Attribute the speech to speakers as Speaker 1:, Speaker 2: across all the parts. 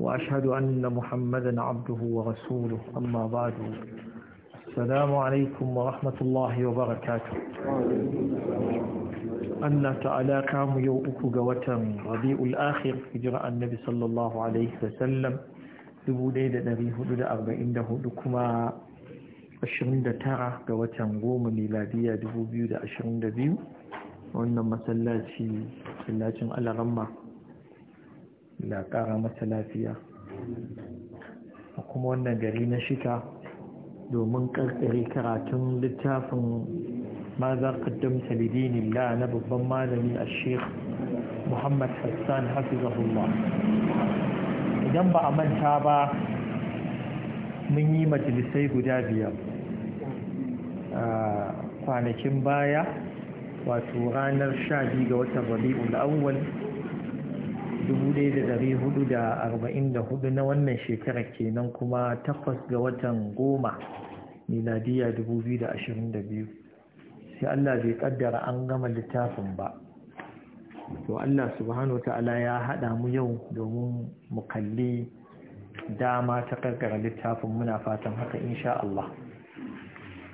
Speaker 1: وأشهد أن محمدا عبده ورسوله أما بعد السلام عليكم ورحمة الله وبركاته أن تعالى كام uku ga ربيع الآخر إجراء النبي صلى الله عليه وسلم دبودي da ɗari hudu da arba'in da hudu kuma ashirin ga watan goma miladiya dubu biyu da ashirin wannan masallaci masallacin alaramma Allah ƙara masa lafiya a kuma wannan gari na shika domin ƙarƙare karatun littafin ma za talibini lidinillah na babban malami a sheikh muhammad hassan hafizahullah idan ba a manta ba mun yi majalisai guda biyar a kwanakin baya wato ranar sha biyu ga watan rabi'ul awwal 1444 na wannan shekarar kenan kuma takwas ga watan goma miladiya 2022 sai Allah bai kaddara an gama littafin ba to Allah subhanahu ta'ala ya hada mu yau domin mu kalli dama ta karkara littafin muna fatan haka insha Allah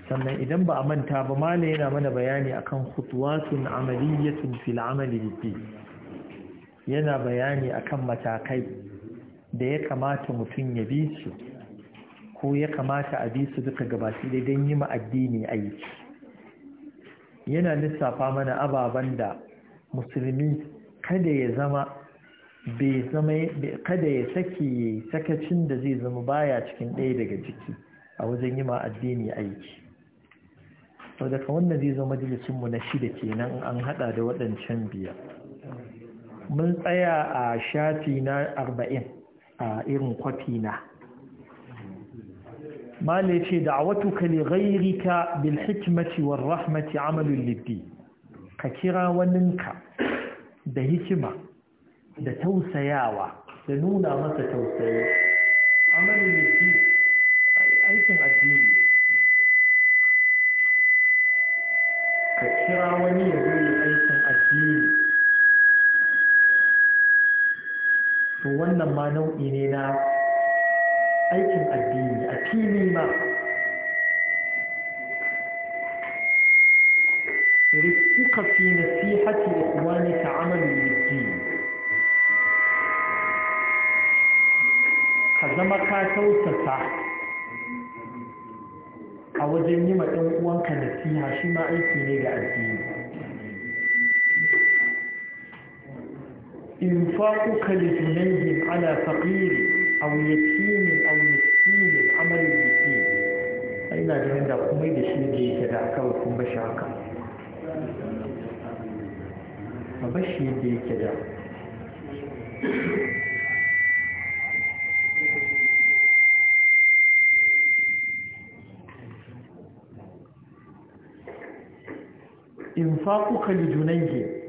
Speaker 1: sannan idan ba a manta ba Malam yana mana bayani akan khutuwatun amaliyatun fil amali biddi yana bayani akan matakai da ya kamata mutum ya bi su ko ya kamata a bi su duka gabashi dai don yi addini aiki yana lissafa mana ababen da musulmi kada ya zama bai zama kada ya saki sakacin da zai zama baya cikin ɗaya daga ciki a wajen yi ma addini aiki sau daga wannan zai zama majalisinmu na shida kenan an haɗa da waɗancan biyar mun tsaya a shati na arba'in a irin kwafi na mala ce da'awatuka li ghayrika bil hikmati war rahmati amalul liddi ka kira waninka da hikima da tausayawa da nuna masa tausayi amalul liddi aikin addini ka kira wani ya to wannan ma nau'i ne na aikin addini a fili ba rikika fi na fi haƙi da kuma ne ta amalin yadda ka zama ka tausasa a wajen yi maɗin uwanka da fi hashi ma aiki ne da addini إنفاقك لجنيه على فقير أو يتيم أو مسكين عمل يتيم أين جهن دا قمي دا شيء دي كدا أكاو بشاكا فبشي دي كدا إنفاقك لجنيه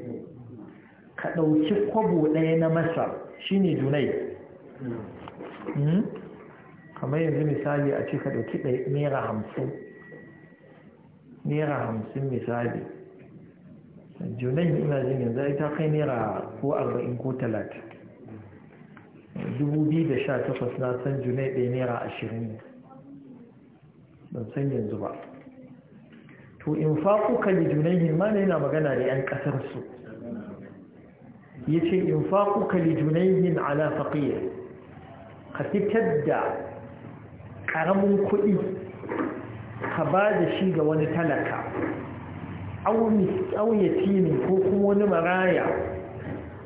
Speaker 1: ka ɗauki kwabo ɗaya na masar shi ne junai hmm? kamar yanzu misali a ce ka ɗauki naira hamsin naira hamsin misali junai ina jin yanzu ita kai naira ko arba'in ko talatin dubu biyu da sha takwas na san junai ɗaya naira ashirin ban san yanzu ba to in faƙo ka junai ma yana magana da 'yan ƙasarsu yace infaquka li junayhin ala faqir ka fitar da karamin kuɗi ka ba da shi ga wani talaka au yatinin ko kuma wani maraya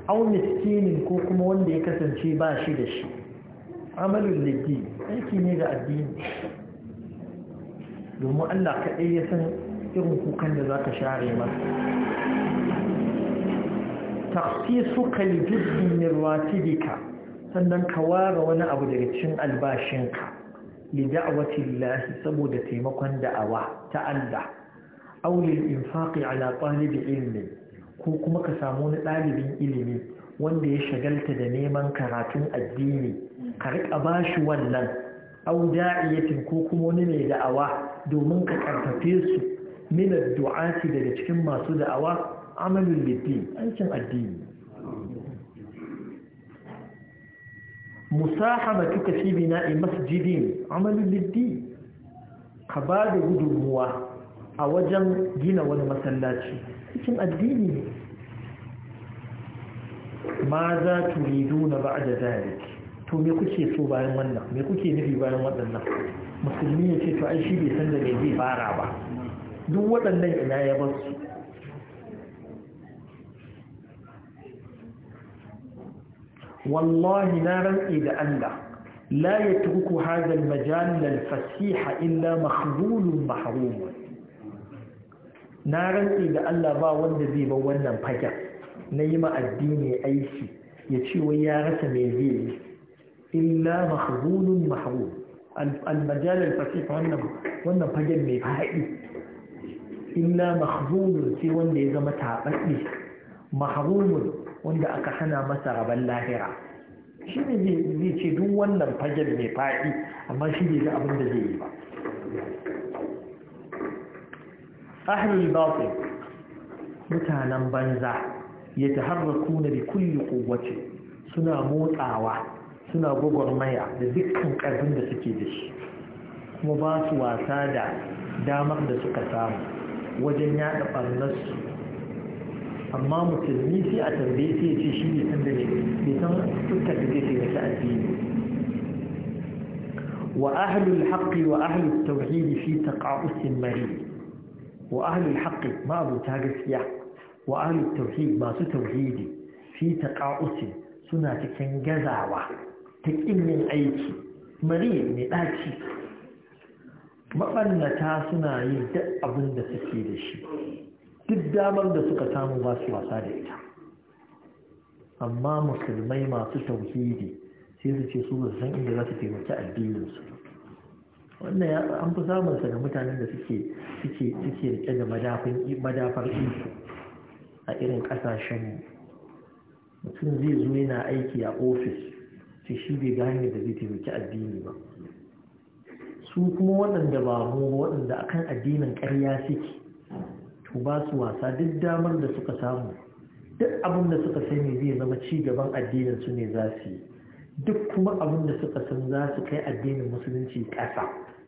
Speaker 1: au miskinin ko kuma wanda ya kasance ba shi da shi amalin laifi aiki ne ga addini domin allah kaɗai ya san irin kukan da za ka share masa takhsisuka li juz'in min ratibika sannan ka ware wani abu daga cikin albashinka li da'wati Allah saboda taimakon da'awa ta Allah aw lil infaqi ala talib ilmi ko kuma ka samu wani ɗalibin ilimi wanda ya shagalta da neman karatun addini ka riƙa bashi wannan aw da'iyatin ko kuma wani mai da'awa domin ka karfafe su min ad-du'ati daga cikin masu da'awa amalin an aikin addini musahabatuka bina a masjidin amalin liddin ka ba da gudunmuwa a wajen gina wani masallaci cikin addini ne ma za tu turidu na ba da zalik to me kuke so bayan wannan me kuke nufi bayan waɗannan musulmi ya ce to ai shi bai san da me zai fara ba duk waɗannan ina ya ba su wallahi na rantsi da Allah la yatruku hadha al fasiha illa na rantsi da Allah ba wanda zai bar wannan fagen na yi ma addini aiki ya ce wai ya rasa me zai yi illa mahdhulun mahrum wannan fagen mai fadi illa mahdhulun sai wanda ya zama tabaɗi wanda aka hana masa rabon lahira shi ne zai ce duk wannan fagen mai faɗi amma shi ne abin da zai yi ba ahlul batil mutanen banza ya taharraku na bi kulle kowace suna motsawa suna gwagwarmaya da dukkan ƙarfin da suke da shi kuma ba su wasa da damar da suka samu wajen yaɗa ɓarnarsu amma musulmi sai a tambaye sai ya ce shi ne san da ne bai san fuskar da zai taimaki addini wa ahlul haqqi wa ahlul tauhidi fi taqa'usin mari wa ahlul haqqi ma abuta gaskiya wa ahlul tauhid masu tauhidi fi taqa'usin suna cikin gazawa ta kin yin aiki mari mai daci maɓannata suna yin duk abin da suke da shi duk damar da suka samu ba su wasa da ita amma musulmai masu tauhidi sai su ce su ba san inda za su taimaki addininsu wannan ya an fi samun sa da mutanen da suke suke rike da madafin madafar iko a irin kasashen mutum zai zo yana aiki a ofis sai shi bai gane da zai taimaki addini ba su kuma waɗanda ba mu waɗanda akan addinin ƙarya suke ku ba su wasa duk damar da suka samu duk abin da suka sani zai zama ci gaban addinin su ne za su yi duk kuma abin da suka san za su kai addinin musulunci ƙasa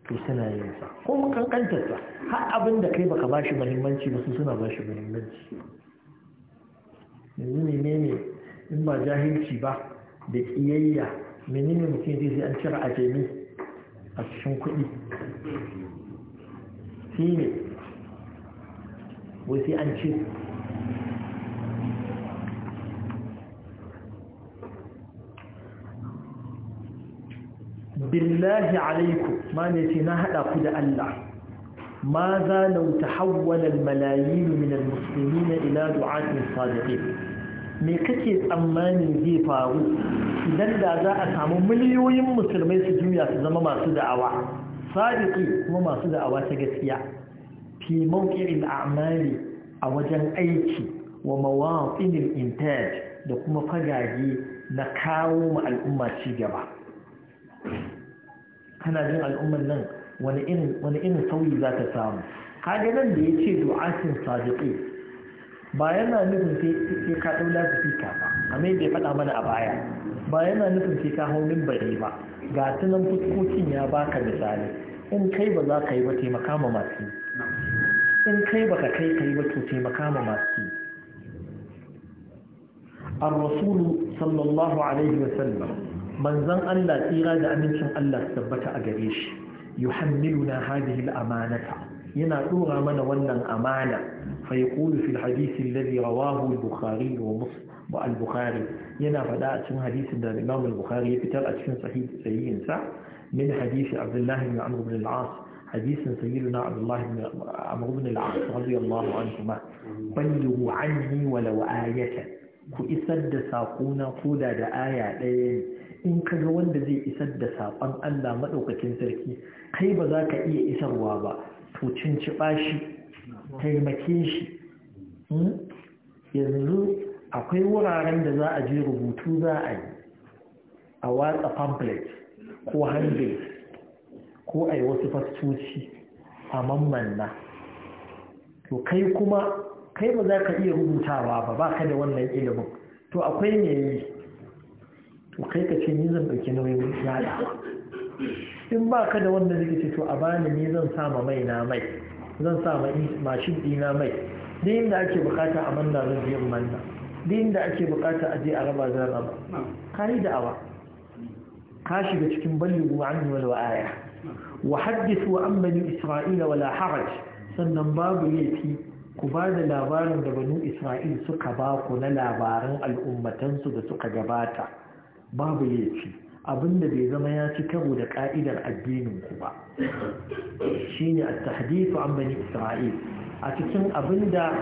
Speaker 1: to suna yin sa ko mun kankanta sa har abin da kai baka bashi muhimmanci ba su suna bashi muhimmanci yanzu menene in ba jahilci ba da kiyayya menene mutum zai sai an cire ajami a cikin kuɗi shi ne wai sai an ce billahi alaikum ma ne ce na haɗa ku da Allah ma za na wuta hawalar malayin minar musulmi na ila du'atun sadiqi me kake tsammani zai faru idan da za a samu miliyoyin musulmai su juya su zama masu da'awa sadiqi kuma masu da'awa ta gaskiya fi mawqi'il a'mali a wajen aiki wa mawaƙinin intaj da kuma fagage na kawo ma al'umma ci gaba kana jin al'umman nan wani irin sauyi za ta samu kaga nan da ya ce du'asin sadiqi ba yana nufin sai ka ɗau lafifika ba a mai bai faɗa mana a baya ba yana nufin sai ka hau bare ba ga tunan fuskokin ya baka misali in kai ba za ka yi ba taimaka ma masu in kai baka kai kai ba to taimaka ma masu ar-rasulu sallallahu alaihi wa sallam manzon Allah tsira da amincin Allah tabbata a gare shi yuhammiluna hadhihi al-amanata yana dora mana wannan amana fa yaqulu fil hadith alladhi rawahu al-bukhari wa muslim wa al-bukhari yana faɗa a cikin hadisin da Imam al-Bukhari ya fitar a cikin sahih sahihinsa min hadisi Abdullah ibn Amr ibn al-As hadisin sayyiduna abdullahi ibn amr ibn al-as radiyallahu anhuma ballighu anni walau ayatan ku isar da saƙona koda da aya ɗaya ne in ka ga wanda zai isar da saƙon Allah maɗaukakin sarki kai ba za ka iya isarwa ba to cinciɓa shi taimake shi hmm? yanzu akwai wuraren da za a je rubutu za a yi a watsa pamphlet ko handbill ko a yi wasu fastoci a mammanna to kai kuma kai ba za ka iya rubutawa ba ba ka da wannan ilimin to akwai ne yi to kai ka ce ni zan ɗauki nauyin yada in ba ka da wannan rikici to a bani ni zan sama mai na mai zan sama mashin ɗina mai duk da ake bukata a manna zan je in manna duk da ake bukata a je a raba zan raba ka yi da'awa ka shiga cikin balli ruwa an yi wani wa'aya وحدثوا عن بني Isra'ila ولا حرج sannan babu laifi ku ba da labarin da banu isra'il suka ba ku na labaran al'ummatansu da suka gabata babu laifi abinda bai zama ya ci karo da ka'idar addininku ba shine at-tahdithu an bani isra'il a cikin abinda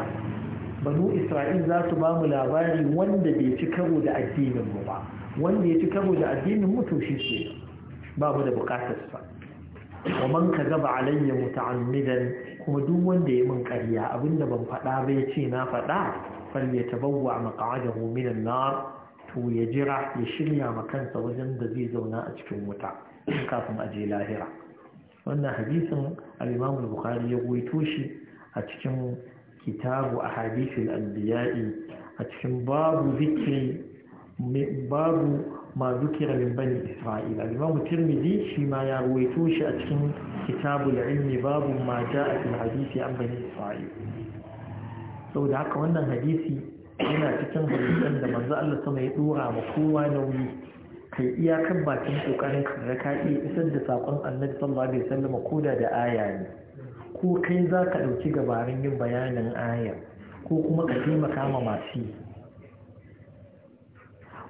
Speaker 1: banu isra'il za su ba mu labari wanda bai ci karo da addinin mu ba wanda ya ci karo da addinin mu to shi ke ba da bukatar sa wa man gaba alayya muta'ammidan kuma duk wanda ya min ƙarya abinda ban faɗa ba ya ce na faɗa fal ya tabawwa maq'adahu min an-nar to ya jira ya shirya ma kansa wajen da zai zauna a cikin wuta kafin a je lahira wannan hadisin al-Imam al-Bukhari ya goyito shi a cikin kitabu ahadithul anbiya'i a cikin babu zikri babu ma zukira min bani isra'ila imam tirmidhi shi ma ya ruwaito shi a cikin kitabul ilmi babu ma a fil hadisi an bani isra'ila saboda haka wannan hadisi yana cikin hadisan da manzo Allah sama ya dora ma kowa nauyi kai iyakar bakin kokarin ka ka iya isar da sakon annabi sallallahu alaihi wasallam koda da aya ne ko kai zaka ɗauki gabarin yin bayanin aya ko kuma ka taimaka ma masu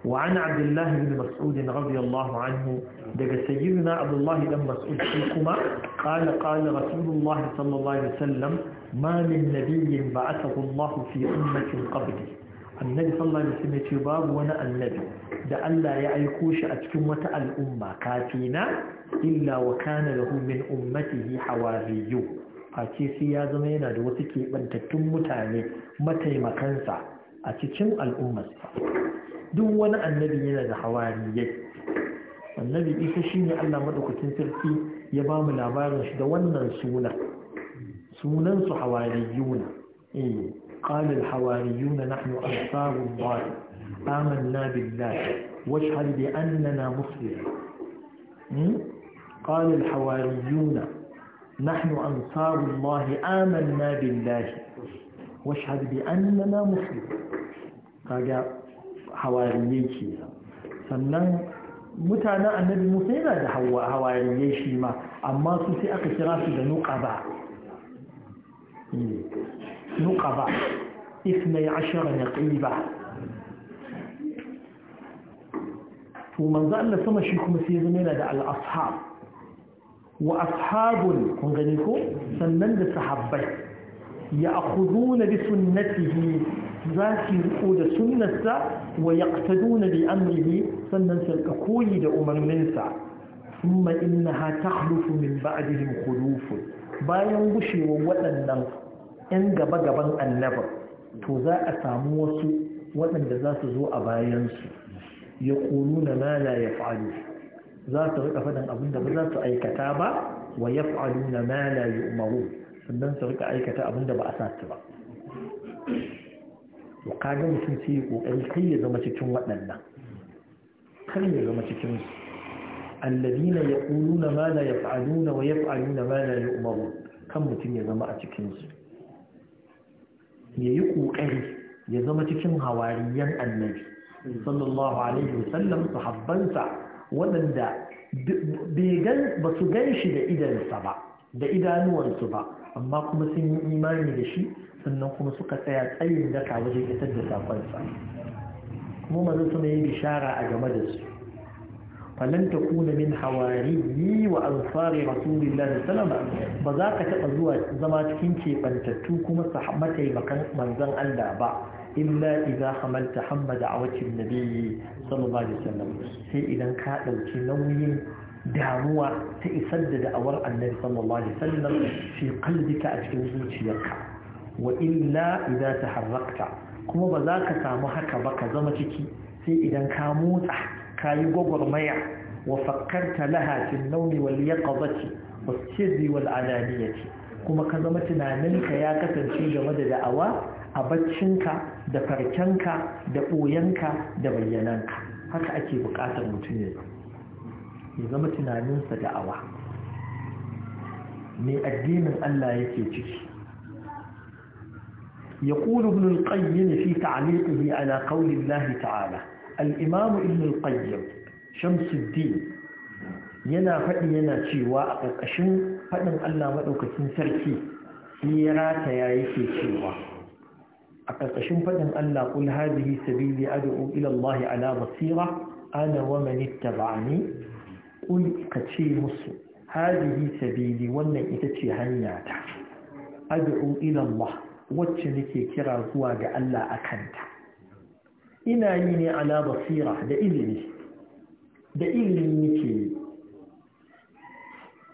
Speaker 1: وعن عبد الله بن مسعود رضي الله عنه دق سيدنا عبد الله بن مسعود فيكما قال قال رسول الله صلى الله عليه وسلم ما من نبي بعثه الله في أمة قبلي النبي صلى الله عليه وسلم يباب وانا النبي دع الله يعيكوش أتكمة الأمة كاتينا إلا وكان له من أمته حواري أتي سيازم ينادي وسكي بنتكم متاني متى مكانسا أتكم الأمة duk wani annabi yana da hawariyai annabi isa shi ne allah maɗaukacin sarki ya ba mu labarin shi da wannan suna sunan su hawariyuna eh قال الحواريون نحن أنصار الله آمنا بالله واشهد بأننا مسلمون قال الحواريون نحن أنصار الله آمنا بالله واشهد بأننا مسلمون kaga hawariyai ke sannan mutanen annabi musa yana da hawariyai shi ma amma su sai aka kira su da nuqaba eh, nuqaba isnai ashara naqiba to manzo Allah sama shi kuma sai zama yana da al-ashab wa ashabun kun gani ko sannan da sahabbai ya akudu na bi sunnatihi za su da sunnasa wa ya ƙtadu na bi amrihi sannan sarka koyi da umarninsa kuma ina ha ta hulufu min ba'adihim hulufu bayan gushewa waɗannan ‘yan gaba-gaban annabar to za a samu wasu waɗanda za su zo a bayansu ya kunu na mala ya faru za su riƙa faɗin abin da ba za su aikata ba wa ya faru na mala ya umaru sannan su rika aikata abinda da ba a sa su ba to kaga mutum sai ya kokari kai ya zama cikin waɗannan kar ya zama cikin su alladina yaquluna ma la yaf'aluna wa na ma la yu'marun kan mutum ya zama a cikin su Ya yi kokari ya zama cikin hawariyan annabi sallallahu alaihi wasallam sahabbansa waɗanda ba su gan shi da idansa ba da idanuwansu ba amma kuma sun yi imani da shi sannan kuma suka tsaya tsayin daka wajen isar da sakonsa kuma mazu suna yi bishara a game da su falan ta kuna min hawariyi wa ansari rasulillah da salama ba za ka taɓa zuwa zama cikin keɓantattu kuma su mataimakan manzon Allah ba illa idan hamalta hamma da awacin nabi sallallahu alaihi wasallam sai idan ka ɗauki nauyin damuwa ta isar da da'awar annabi sallallahu alaihi wasallam shi kalbika a cikin zuciyarka wa illa idza taharrakta kuma ba za ka samu haka ba ka zama ciki sai idan ka motsa ka yi gwagwarmaya wa fakkarta laha fil nawmi wal yaqzati was sirri wal alaniyati kuma ka zama tunaninka ya kasance game da da'awa a baccinka da farkenka da ɓoyenka da bayyananka haka ake buƙatar mutum ya zama ya zama tunaninsa da'awa Me addinin Allah yake ciki يقول ابن القيم في ala على قول ta'ala, تعالى الإمام ابن القيم yana faɗi yana cewa a ƙarƙashin faɗin Allah maɗaukacin sarki tsira ta ya yake cewa a ƙarƙashin faɗin Allah ƙul hadihi sabili ad'u ila Allah ala basira ana wa man ittaba'ani kun ka ce musu hadihi sabili wannan ita ce hanya ta ad'u ila Allah wacce nake kira zuwa ga Allah akanta ina yi ne ala basira da ilimi da ilimi nake yi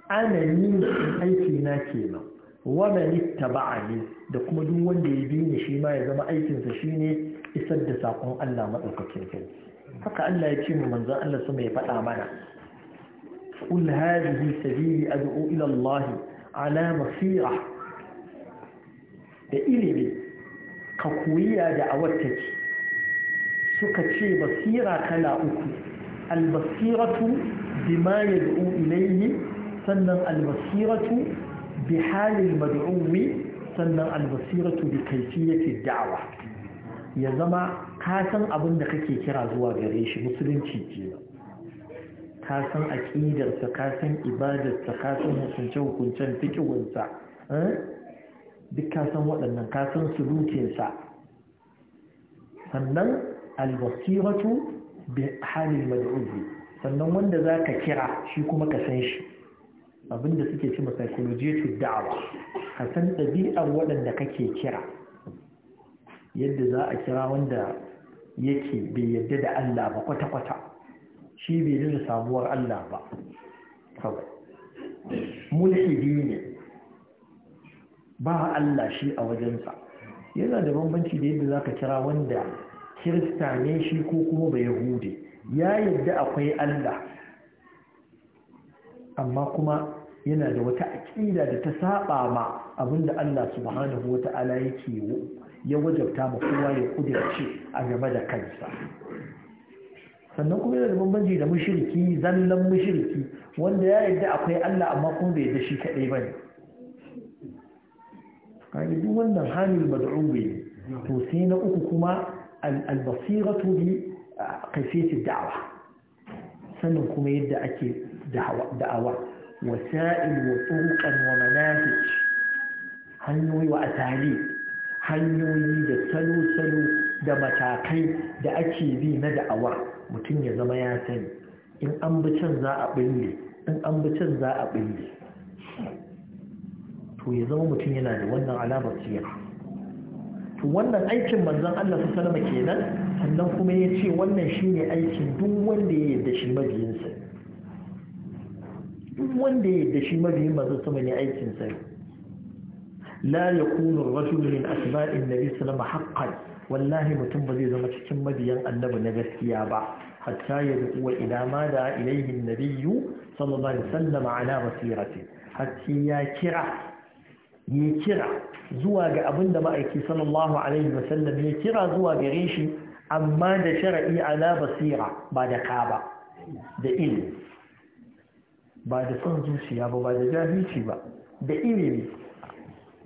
Speaker 1: ana ni aiki na kenan wannan ittaba'a ne da kuma duk wanda ya bi ni shi ma ya zama aikinsa shine isar da sakon Allah madaukakin kai haka Allah ya ce mu manzon Allah sama ya faɗa mana قل هذه سبيلي أدعو إلى الله على بصيرة da ilimi ka koyiya da a awattaki suka ce basira kala uku albasiratu ya yad'u ilaihi sannan albasiratu bi halil mad'uwi sannan albasiratu bi kayfiyati da'wa ya zama ka san abin da kake kira zuwa gare shi musulunci kenan ka san aƙidarsa ka san ibadarsa ka san hukunce-hukuncen fikiwinsa eh? duk ka san waɗannan ka san sulukinsa sannan albasiratu bi halin mad'ubi sannan wanda za ka kira shi kuma ka san shi abinda suke cima psychology da'awa ka san ɗabi'ar waɗanda kake kira yadda za a kira wanda yake bai yadda da Allah ba kwata-kwata shi bai nuna sabuwar Allah ba kawai mulhidi ne ba Allah shi a wajensa yana da bambanci da yadda ka kira wanda kirista ne shi ko kuma bai hude. ya yadda akwai Allah amma kuma yana da wata aƙida da ta saba ma abinda Allah subhanahu wata'ala yake ya wajabta ma kowa ya kudirce a game da kansa sannan kuma yana da bambanci da mushriki zallan mushirki wanda ya yarda akwai Allah amma kuma bai da shi kadai ne. kaga duk wannan hamil mad'u ne to sai na uku kuma al-basiratu bi kayfiyati da'wa sannan kuma yadda ake da'awa wasa'il wa turuqan wa manasij hanyoyi wa atali hanyoyi da salo-salo da matakai da ake bi na da'awa. mutum ya zama ya sani in an bi can za a ɓille in an bi can za a ɓille to ya zama mutum yana da wannan alamar siyar to wannan aikin manzon Allah su salama kenan sannan kuma ya ce wannan shi ne aikin duk wanda ya yarda shi mabiyinsa duk wanda ya yarda shi mabiyin manzon sama ne aikinsa aikin sa la yakunu rajulun min asba'in nabi sallama haqqan wallahi mutum ba zai zama cikin mabiyan annabi na gaskiya ba hatta ya zuwa ila ma da ilaihin nabiyyu sallallahu alaihi wasallam ala basirati hatta ya kira ya kira zuwa ga abin da ma'aiki sallallahu alaihi wasallam ya kira zuwa gare shi amma da shara'i ala basira ba da ka ba da ilimi ba da son zuciya ba ba da jahilci ba da ilimi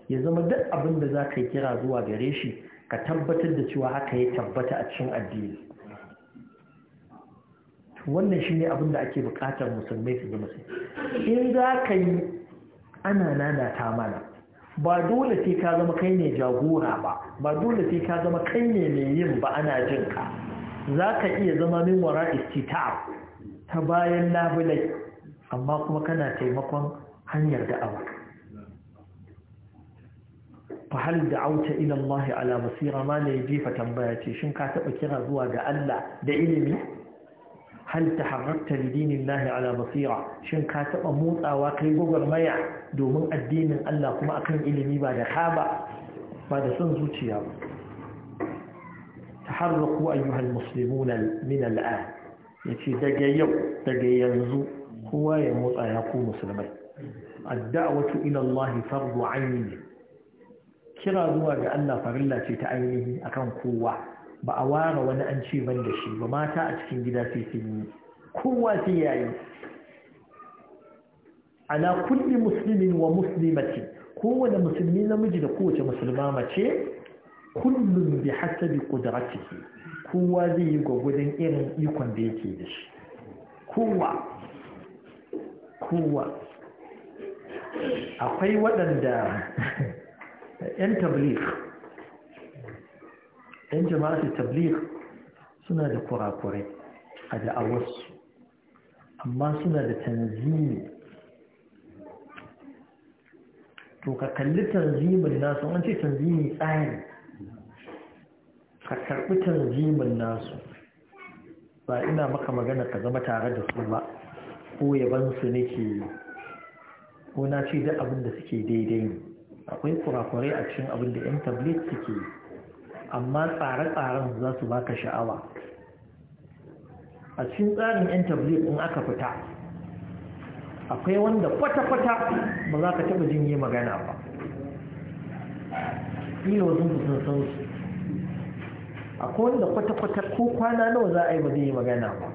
Speaker 1: ya zama duk abin da za ka kira zuwa gare shi ka tabbatar da cewa haka ya tabbata a cikin addini wannan shi ne da ake bukatar musulmai su zama su in za ka yi ana nanata mana ba dole sai ka zama kai ne jagora ba ba dole sai ka zama kai ne mai yin ba ana jin ka za ka iya zama min wara istita ta bayan labulai amma kuma kana taimakon hanyar da'awa fa hal auta ila Allah ala basira ma ne jefa tambaya ce shin ka taɓa kira zuwa ga Allah da ilimi hal taharrakta li dinillahi ala basira shin ka taɓa motsawa kai maya domin addinin Allah kuma akan ilimi ba da kaba ba da son zuciya ba taharraku ayyuhal muslimuna min Ya ce daga yau daga yanzu kowa ya motsa ya ku musulmai الدعوة إلى الله farzu عين kira zuwa ga Allah farilla ce ta ainihi akan kowa ba a ware wani an ce ban da shi ba mata a cikin gida sai sun yi kowa sai yayi ala kulli muslimin wa muslimati kowane musulmi namiji da kowace musulma mace kullum bi hasabi qudratihi kowa zai yi gwagwadon irin ikon da yake da shi kowa kowa akwai waɗanda 'yan tablir jama'a jama'ar tabliq suna da kurakurai a da'awarsu amma suna da tanzimi to ka kalli tanzimin nasu an ce tanzimi tsari ka karɓi tanzimin nasu ba ina maka magana ka zama tare da su ba ko yabansu nake ko na ce da abin da suke daidai ne akwai kurakurai a cikin abin da yan tablet suke amma tsare-tsaren za su baka sha'awa a cikin tsarin yan tablet in aka fita akwai wanda kwata-kwata ba za ka taɓa jin yi magana ba sun fi sun san su akwai wanda kwata-kwata ko kwana nawa za a yi ba zai yi magana ba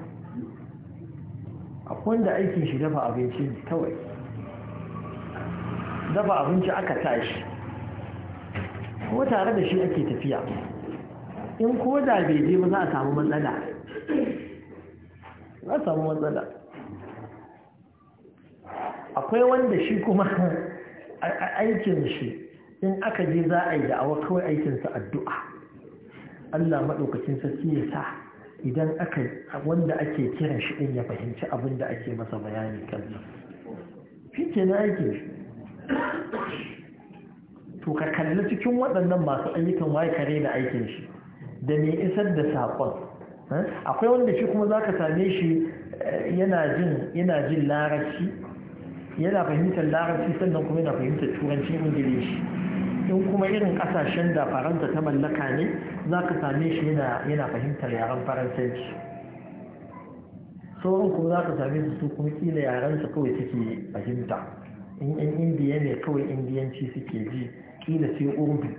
Speaker 1: akwai wanda aikin shi dafa abinci kawai dafa abinci aka tashi ko tare da shi ake tafiya in ko da bai je ba za a samu matsala za a samu matsala akwai wanda shi kuma aikin shi in aka je za a yi awa kawai aikinsa addu'a Allah maɗaukacin sarki ya sa idan aka wanda ake kiran shi ɗin ya fahimci abin da ake masa bayani kallon. shi na aikin shi to ka kalli cikin waɗannan masu ayyukan waye kare da aikin shi da mai isar da saƙon eh? akwai wanda shi kuma za ka same shi eh, yana jin larabci yana fahimtar larabci sannan kuma yana fahimtar turancin ingilishi in kuma irin ƙasashen da faranta ta mallaka ne za ka same shi yana fahimtar yaren faransanci sauran kuma za ka same su su kuma kila yarensa kawai suke fahimta in yan indiya ne kawai indiyanci suke ji kila sai urdu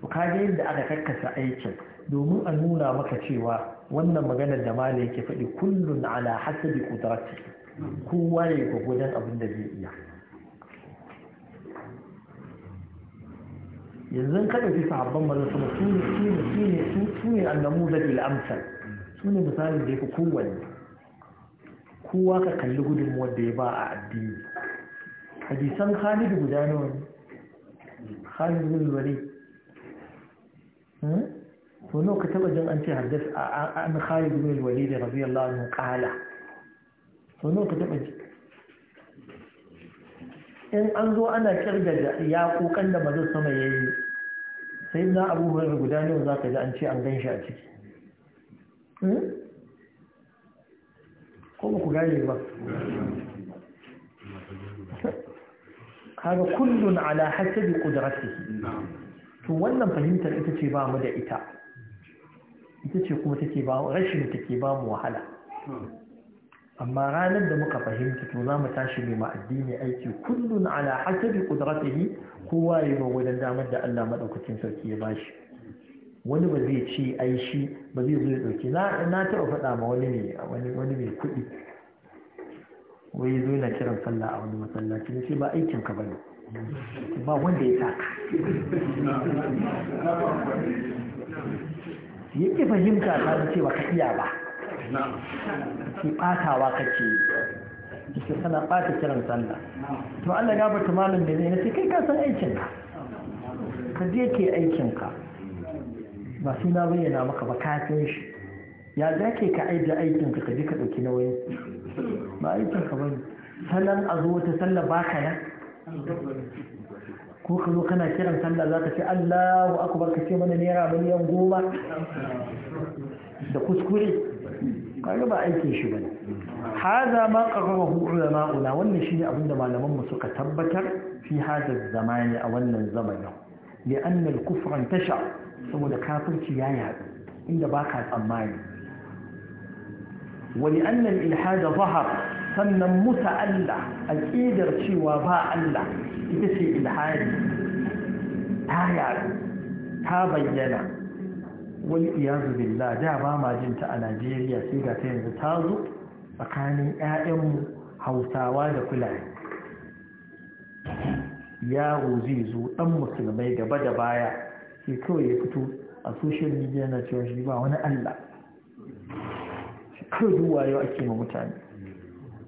Speaker 1: to kaga yadda aka karkasa aikin domin a nuna maka cewa wannan maganar da malai yake faɗi kullun ala hasabi qudrati kowa ya gwagwajen abin da zai iya yanzu ka ɗauki sahabban manzon sama su ne su ne su ne su ne annamu da bil su ne misalin da yake kowanne kowa ka kalli gudunmuwar da ya ba a addini hadisan khalidu guda nawa ne khalidu guda ne? Hmm? to nawa ka taba jin an ce a an khalidu bin da radiyallahu anhu qala to nawa ka taba ji in an zo ana kirga ya kokan da mazan sama ya yi sai na abubuwan guda nawa ka ji an ce an gan shi a ciki hmm? ko ku gane ba kaga kullun ala hasabi qudratihi to wannan fahimtar ita ce ba mu da ita ita ce kuma take ba rashin take ba mu wahala amma ranar da muka fahimta to za mu tashi mai ma'addini aiki kullun ala hasabi qudratihi kowa ya ba wajen damar da Allah madaukakin sarki ya bashi wani ba zai ce ai shi ba zai zo ya dauki na taɓa faɗa ma wani mai wani mai kuɗi wai zo na kiran sallah a wani masallaci na ce ba aikin ka bane ba wanda ya saka ke fahimta ta da cewa ka iya ba ki ɓatawa kake kike sana ɓata kiran sallah to Allah ya bata malam da ne na kai ka san aikin ka ka je ke aikin ka ba suna bayyana maka ba ka san shi ya za ke ka aida aikin ka kaji ka ɗauki nauyin ba aikin ka bane sallan a zo wata sallah ba ka nan ko ka zo kana kiran sallah za ka ce Allahu akbar ka ce mana naira miliyan goma da kuskure kaga ba aikin shi bane hadha ma qarrahu ulama'una wannan shine abinda malaman mu suka tabbatar fi hadha zamani a wannan zamanin لأن الكفر tasha. saboda kafirci ya yaɗu inda ba ka tsammani wani annan ilha da zahar sannan musa Allah A ƙidar cewa ba Allah ita ce ilhadi ta yaɗu ta bayyana wani iyazu billah da ba ma jinta a Najeriya sai ga ta yanzu ta zo tsakanin yayan hausawa da fulani yaro zai zo ɗan musulmai gaba da baya sai kawai ya fito a social media na cewa shi ba wani Allah kawai zuwa yau ake ma mutane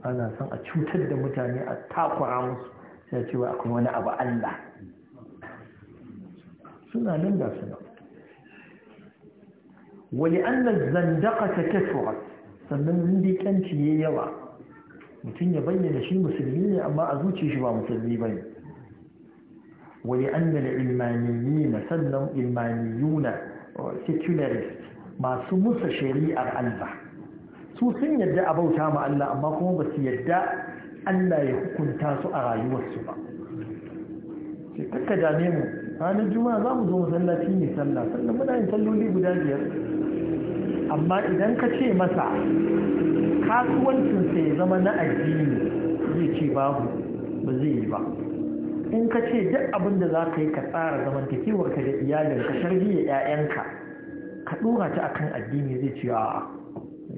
Speaker 1: ana son a cutar da mutane a takura musu sai cewa akwai wani abu Allah suna nan da suna wani annan zandaka ta tafiya sannan zindikanci ya yawa mutum ya bayyana shi musulmi ne amma a zuci shi ba musulmi ba ne na العلمانيين سلم علمانيون secularists masu musa shari'ar Allah su sun yadda a bauta ma Allah amma kuma ba su yadda Allah ya hukunta su a rayuwarsu ba sai kakka dame mu ranar juma'a za mu zo sallaci ne sallah sallah muna yin salloli guda biyar amma idan ka ce masa kasuwancinsa ya zama na addini zai ce babu ba zai yi ba in ka ce duk abin da za ka yi ka tsara zaman ka da iyalin ka tarbiyya 'ya'yanka ka dora ta akan addini zai ce a'a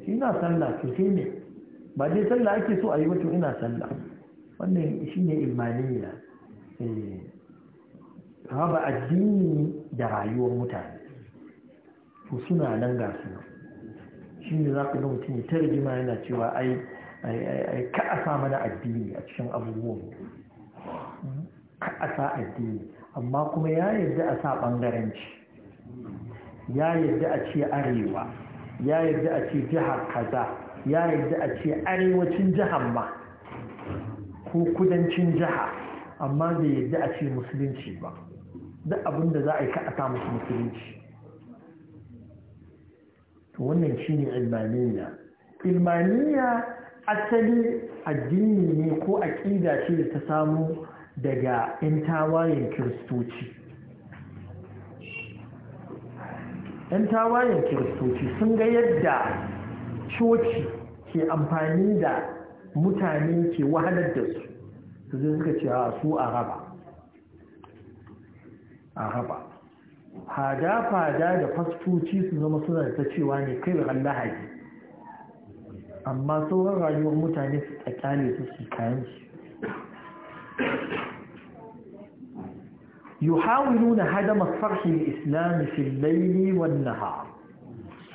Speaker 1: shi ina sallah to sai ne ba dai sallah ake so a yi wato ina sallah wannan shi ne imaniya eh, raba addini da rayuwar mutane to suna nan ga su shi ne za ku ga mutum ta rigima yana cewa ai ka a sa mana addini a cikin abubuwan a sa addini amma kuma ya yarda a sa ɓangaranci ya yarda a ce arewa ya yarda a ce jihar kaza ya yarda a ce arewacin jihar ma ko kudancin jiha amma bai yarda a ce musulunci ba duk abin da za a yi ka a sa musu musulunci to wannan shine ilmaniya ilmaniya asali addini ne ko aƙida ce da ta samu daga 'yan tawayen kiristoci 'yan tawayen kiristoci sun ga yadda coci ke amfani da mutane ke wahalar da su su zai suka ce a su a raba a raba fada-fada da fastoci su zama suna da ta cewa ne kai ran haji amma sauran rayuwar mutane su tsakane su su kayan shi na يحاولون هدم الصرح الإسلام في الليل والنهار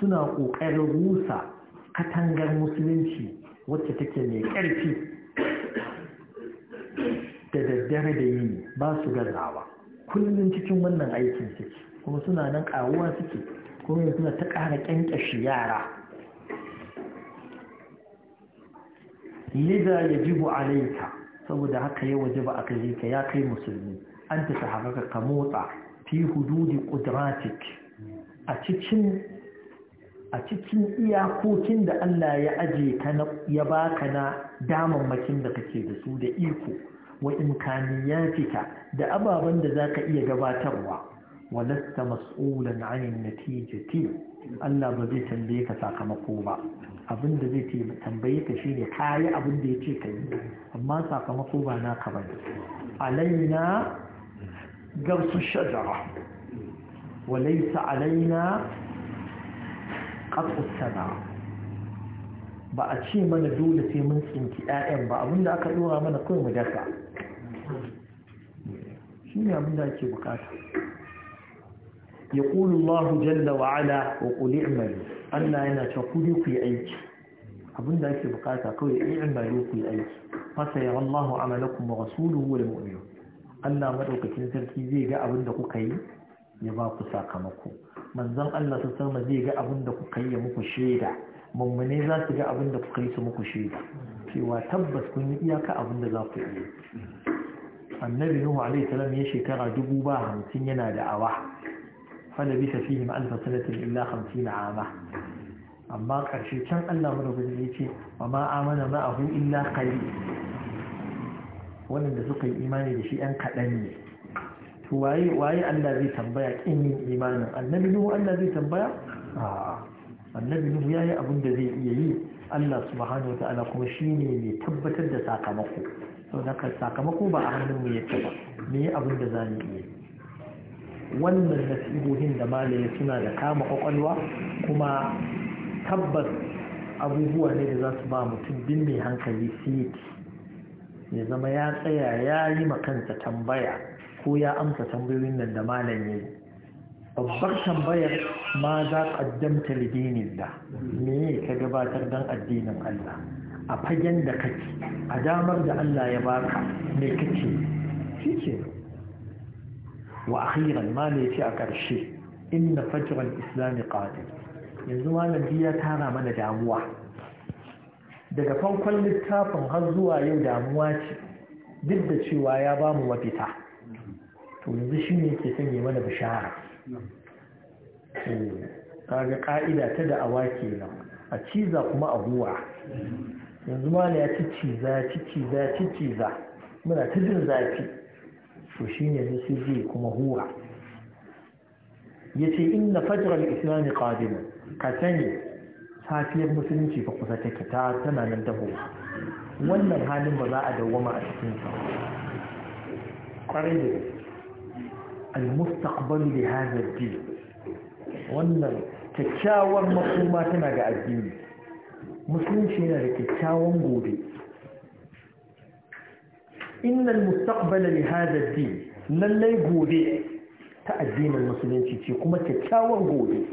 Speaker 1: سنة قوقر mai قتنغر Da daddare da تددر ديني باسو غزعوا kullum cikin wannan aikin suke kuma suna nan ƙawuwa suke kuma suna ta ƙara ƙyanƙyashi yara liza ya jibu alaika saboda haka ya waje ba a kaje ka ya kai musulmi an ta haka ka motsa fi hududi kudratik a cikin a cikin iyakokin da Allah ya aje ka na ya baka na damammakin da kake da su da iko wa imkaniyatika da ababen da zaka iya gabatarwa walasta mas'ulan 'anil natijati Allah ba zai tambaye ka sakamako ba abin da zai tambaye ka shine ka yi abin da ya ce ka yi amma sakamako ba na ka bane alaina garsu shajara walaisa alaina ƙasar ba a ce mana dole sai mun tsinki 'ya'yan ba abin da aka ɗora mana kawai mu dasa shi ne abin da ake bukata Yakulullahu ƙuli Allah jalla wa wa ƙuli Allah yana ta kuri ku yi aiki abinda ake bukata kawai yi imari ku yi aiki masa yawan Allah wa amalakun ma wasu ruhu Allah maɗaukakin sarki zai ga abin da kuka yi ya ba ku sakamako manzan Allah su zai ga abin da kuka yi ya muku shaida mummune za su ga abin da kuka yi su muku shaida cewa tabbas kun yi iyaka abin da za ku yi annabi nuhu alaihi salam ya shekara dubu ba hamsin yana da awa فلبث فيهم ألف سنة إلا خمسين عاما أما قرشي كم ألا من بذلك وما آمن معه إلا قليل ولن تسقي إيماني لشيء قليل waye waye Allah zai tambaya kin yin imanin annabi nuhu Allah zai tambaya annabi nuhu ya yi abin da zai iya yi Allah subhanahu wataala kuma ne mai tabbatar da sakamako Sau saboda sakamako ba a hannun mu yake ba me abin da za mu iya yi wannan nasihohin da malaya suna da kama kwakwalwa kuma tabbas abubuwa ne da za su ba mutum bin mai hankali siti ya zama ya tsaya ya yi kansa tambaya ko ya amsa tambayoyin nan da malam ya yi babbar tambayar ma za ƙaddamta lidinin da me ka gabatar don addinin Allah a fagen da kake a damar da Allah ya baka me kake shi ke Wa yace a karshe inna fajr al-islam qadim yanzu malam ya tara mana damuwa daga farkon littafin har zuwa yau damuwa ce duk da cewa ya ba mu mafita to yanzu shi ne ke sanya mana bishara kaga ka'ida ta da awa kenan a ciza kuma a huwa yanzu ma ya ci ciza ci ciza ci ciza muna ta jin zafi to shi ne kuma hura ya ce inna fajirar islami ƙadimu ka sani safiyar musulunci ba kusa take ta tana nan daho wannan halin ba za a dawwama a cikin sa ƙwarai da al-mustaqbal li hadha din wannan kyakkyawar makoma tana ga addini musulunci yana da kyakkyawan gobe innal mustaqbala li hadha din lallai gobe ta addinin musulunci ce kuma kyakkyawar gobe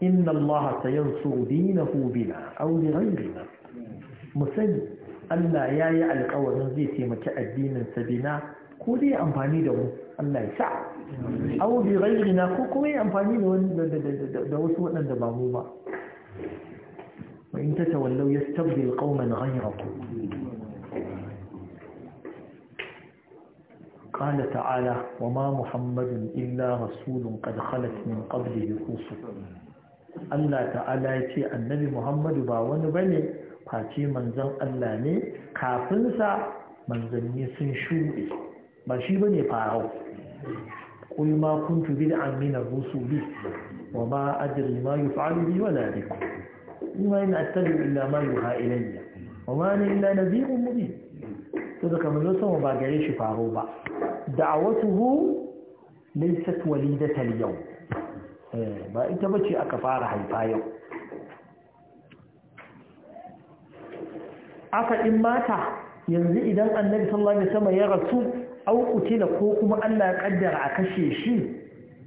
Speaker 1: inna Allah sayansuru dinahu bina aw bi ghayrina musani Allah yayi alƙawarin zai taimaki addinin sa bina ko dai amfani da mu Allah ya sa aw bi ghayrina ko kuma amfani da da wasu waɗanda ba mu ba wa in tatawallaw yastabdil qauman ghayrakum قال تعالى وما محمد إلا رسول قد خلت من قبله الرسل Allah ta'ala ya ce annabi Muhammadu ba wani ba ne face manzan Allah ne kafinsa manzanni sun shuɗe ba shi ne faro ƙuli ma kun tubi da aminar rusuli wa ba ajiyar ma yi biyu wa lalika ina yin attali illa ma yi ha’ilayya ne illa na zirin mubi to daga kamar sama ba gare shi faro ba da'awatuhu laysat walidata al yau, eh, ba ita bace aka fara haifa yau aka in mata yanzu idan annabi sallallahu alaihi wasallam ya rasu au kutila ko kuma Allah ya a kashe shi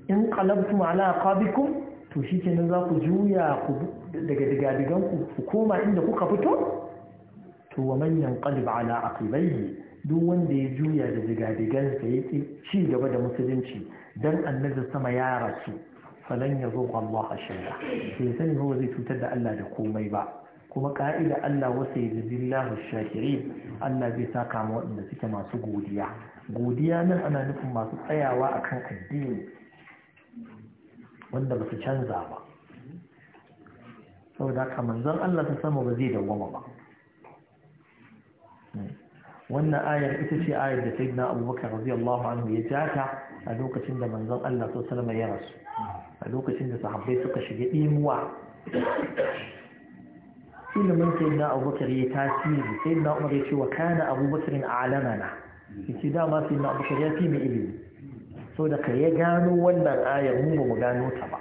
Speaker 1: in qalabtum ala aqabikum to shikenan za ku juya ku daga digadiganku ku ku koma inda kuka fito to wa man yanqalib ala aqibaihi duk wanda ya juya da digadigansa ya ci gaba da musulunci dan annabi sama ya rasu falan a Allah shay'a sai sani ba zai cutar da Allah da komai ba kuma ka'ida Allah wasa yajzillahu shakirin Allah zai saka ma waɗanda suke masu godiya godiya nan ana nufin masu tsayawa akan addini wanda ba su canza ba saboda haka manzon Allah ta sama ba zai dawwama ba wannan ayar ita ce ayar da sayyidina abubakar radiyallahu anhu ya jata a lokacin da manzon Allah sallallahu ya rasu a lokacin da sahabbai suka shiga imuwa ilimin sayyidina abubakar ya tasiri sayyidina umar ya ce wa kana abubakar alamana yace dama sayyidina abubakar ya fi mu ilimi so da ka ya gano wannan ayar mu ba mu gano ta ba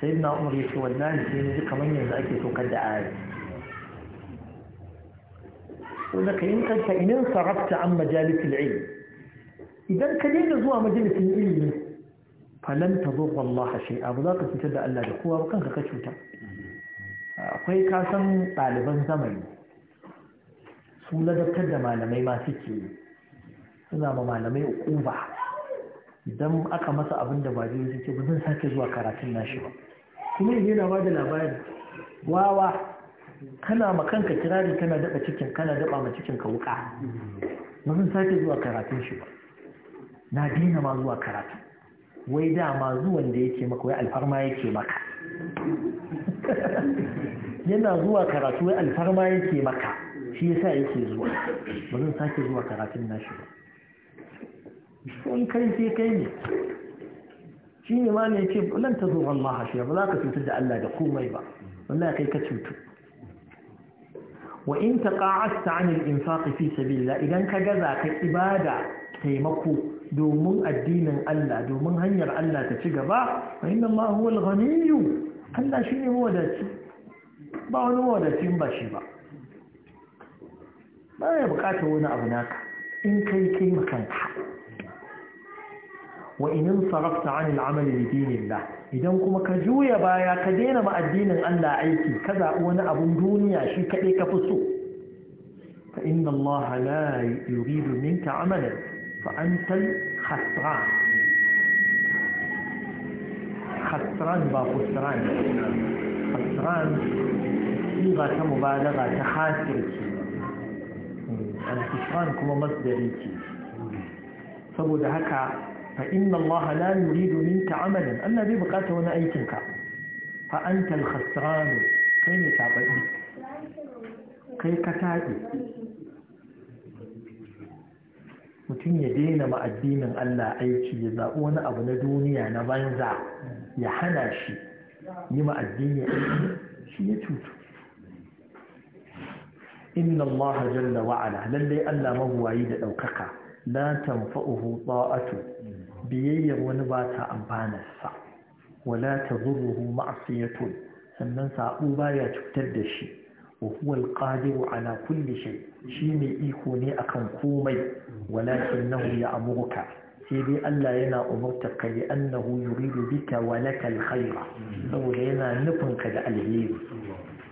Speaker 1: sayyidina umar ya ce wallahi sai ni kamar yanzu ake tokar da ayar wanda ka yankanta inin sarrafta an majalisar ilimi idan ka daina zuwa majalisar ilimi falanta zo kwallo hashe abu za ka cutar da allah da kowa kanka ka cuta akwai kasan ɗaliban zamani su na da malamai ma suke suna ma malamai ukuba idan aka masa abin da ba zai ba zan sake zuwa karatun nashi ba kuma yana ba da labarin wawa kana ma kanka kirari kana daba cikin kana daba ma cikin ka wuka ba zan sake zuwa karatun shi ba na daina ma zuwa karatu wai dama zuwan da yake maka wai alfarma yake maka yana zuwa karatu wai alfarma yake maka shi yasa yake zuwa ba zan sake zuwa karatun nashi ba wani kai sai kai ne shi ne ma ne ce lan ta zo Allah ba za ka cutar da Allah da komai ba wallahi kai ka cutu wa in taqa'asta 'an al-infaq fi idan ka gaza ka ibada taimako domin addinin Allah domin hanyar Allah ta ci gaba fa inna Allah huwa al-ghaniy Allah shine wadaci ba wani wadacin ba shi ba ba ya bukata wani abu naka in kai kai makanka wa inin sarafta anil idan kuma ka juya baya ka daina ma addinin Allah aiki ka zaɓi wani abun duniya shi kaɗai ka fi so Ka inna Allah la yuri domin amalan fa antal khasran ba khusran khasran siga ta mubalaga ta hasir ce hmm, al kuma masdari ce saboda haka fa inna Allah la yuridu minka amalan Allah bai bukata wani aikin ka fa anta al-khasran kai ne tabaɗi
Speaker 2: kai ka taɓe
Speaker 1: mutum ya daina ma addinin Allah aiki ya zaɓi wani abu na duniya na banza ya hana shi yi ma addini shi ya cutu inna Allah jalla wa'ala lallai Allah mahuwayi da ɗaukaka la tanfa'uhu ta'atu biyayyar wani ba ta amfanarsa wala tadurruhu ma'siyatun sannan sabo baya cutar da shi wa huwa al-qadiru ala kulli shay shine iko ne akan komai walakinahu ya'muruka sai dai Allah yana umurtar ka bi annahu yuridu bika wa al-khayra saboda yana nufin ka da alheri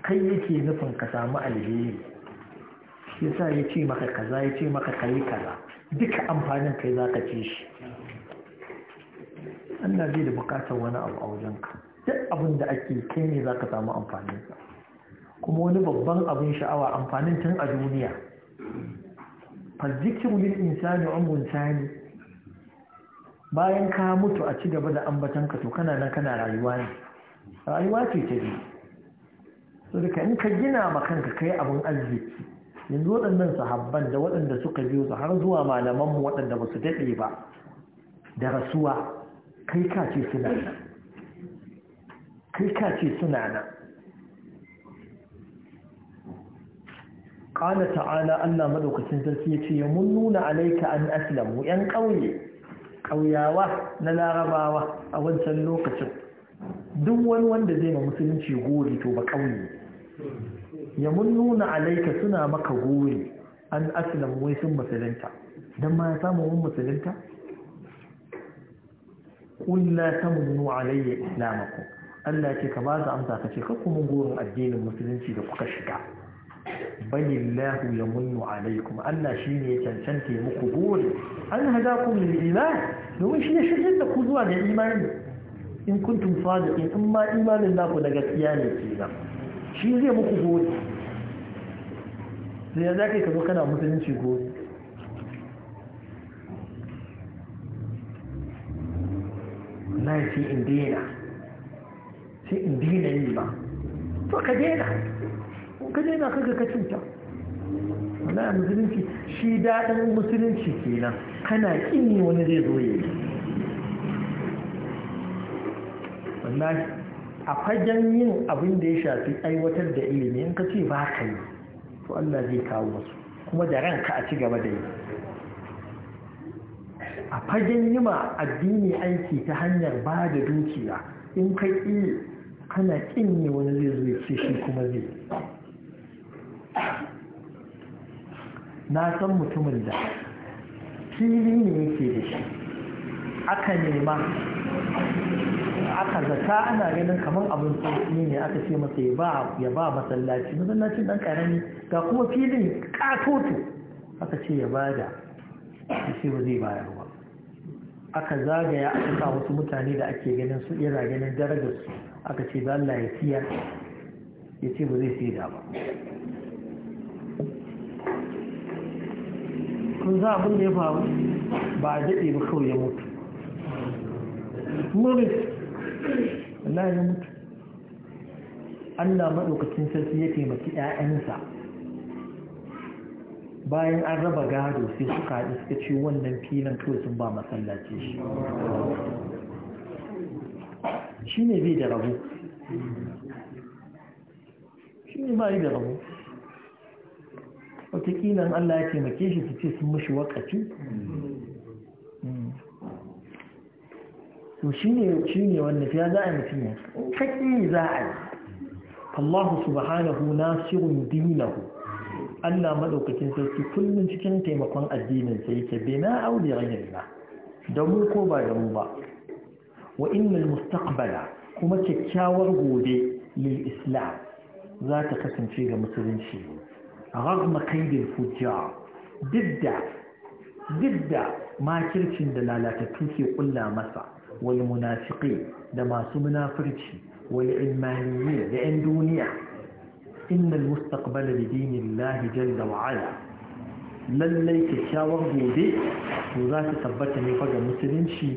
Speaker 1: kai yake nufin ka samu alheri yasa ya ce maka kaza ya ce maka kai kaza duka amfanin kai za ka ci shi na zai da bukatar wani abu a wajenka duk abin da ake kai ne za ka samu amfanin kuma wani babban abin sha'awa amfanin tun a duniya fazikin lil insani umrun sani bayan ka mutu a ci gaba da ambatanka to kana nan kana rayuwa ne rayuwa ce ta biyu saboda in ka gina ma kai abin arziki yanzu waɗannan sahabban da waɗanda suka biyo su har zuwa malamanmu waɗanda ba su daɗe ba da rasuwa kai ka ce suna nan kai ka suna nan ƙana ta'ala Allah maɗaukacin sarki ya ce ya mun nuna alaika an aslamu 'yan ƙauye ƙauyawa na larabawa a wancan lokacin duk wani wanda zai ma musulunci gori to ba ƙauye yamunnuna alaika suna maka gore, an aslam wai sun musulunta don ma ya samu mun musulunta qul la tamunnu alayya islamakum Allah ce ka ba su amsa ka ce kakku mun gorin addinin musulunci da kuka shiga Bani ya munnu alaikum Allah shine ya cancanta ya muku gori an ku lil iman domin shi ya shirye da ku zuwa ga imani in kuntum sadiqin in ma imanin naku da gaskiya ne kenan shi zai muku gori sai ya zaka ka zo kana musulunci gori na yi sai in daina sai in dina yi ba to ka daina ka daina kaga ka cuta wala musulunci shi daɗin musulunci kenan kana ƙini wani zai zo yi wallahi a fagen yin abin da ya shafi aiwatar da ilimi in ka ce ba ka yi to Allah zai kawo masu kuma da ranka a ci gaba da yi a fagen yi ma addini aiki ta hanyar ba da dukiya in ka yi kana kin ne wani zai zo ce shi kuma zai na san mutumin da fili ne yake da shi aka nema aka zata ana ganin kamar abin tsotsi ne aka ce masa ya ba masallaci masallacin dan karami ga kuma filin katoto aka ce ya bada ya ce ba zai bayar ba aka zagaya aka sa wasu mutane da ake ganin su yana ganin darajar su aka ce da Allah ya siya ya ce ba zai siya ba kun za abin da ya faru ba a daɗe ba kawai ya mutu muris Allah ya mutu Allah maɗaukacin sarki ya taimaki ‘ya'yansa bayan an raba gado sai suka haɗu suka ce wannan filin kawai sun ba masallaci shi shi ne bai da rabo shi ne bai da rabo wataƙila Allah ya taimake shi su ce sun mashi wakaci to shine shine wannan fiya za a mutum ya kaki za a yi Allah subhanahu nasirun dinahu Allah maɗaukacin sarki kullum cikin taimakon addinin sa yake bina aw bi ghayrina da mu ko ba da mu ba wa innal mustaqbala kuma kyakkyawar gobe lil islam za ta kasance ga musulunci ragma kaidil fujjar didda da makircin da lalatattu ke kulla masa والمنافقين لما سمنا فرشي والعلمانيين لأن دونيا إن المستقبل لدين الله جل وعلا لن ليك كشاور بودي وذات ثبت من فجأة مسلمشي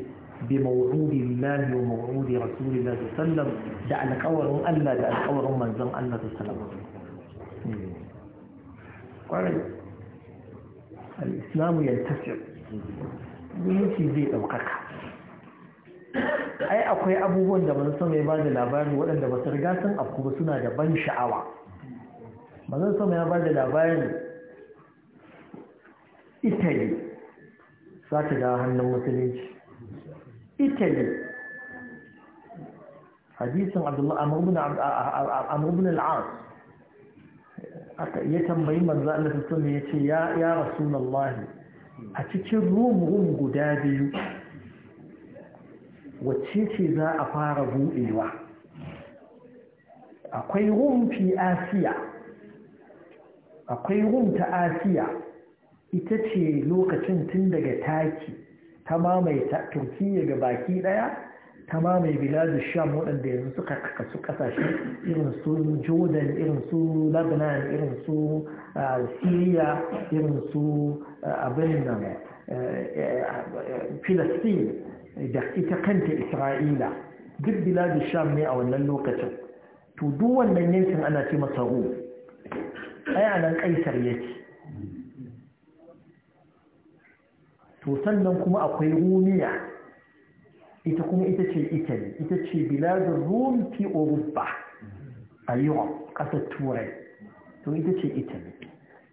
Speaker 1: بموعود الله وموعود رسول الله صلى الله عليه وسلم دع لك أول ألا دع أول من زم ألا تسلم قال الإسلام ينتفع ويمشي زي أوقاتها ai akwai abubuwan da manzon sama ya ba da labari waɗanda ba su riga sun afku ba suna da ban sha'awa manzon sama ya ba da labarin italy za ta da hannun musulunci italy hadisin amurbin al'ar ya tambayi manzo Allah sassan ya ce ya rasulallah a cikin rum rum guda biyu wacce ce za a fara buɗewa akwai rum fi asiya akwai rum ta asiya ita ce lokacin tun daga taki ta mamaye turkiyya ga baki ɗaya, ta mamaye biladu sham waɗanda yanzu suka kasu kasashe irin su jordan irin su lebanon irin su ah, syria irin su ah, abin nan eh, eh, eh, filistin da ita kanta isra'ila duk biladu sham ne a wannan lokacin to duk wannan yankin ana ce masa ru ai a nan kaisar yake to sannan kuma akwai rumiya ita kuma ita ce italy ita ce biladun rum fi urubba a yau ƙasar turai to ita ce italy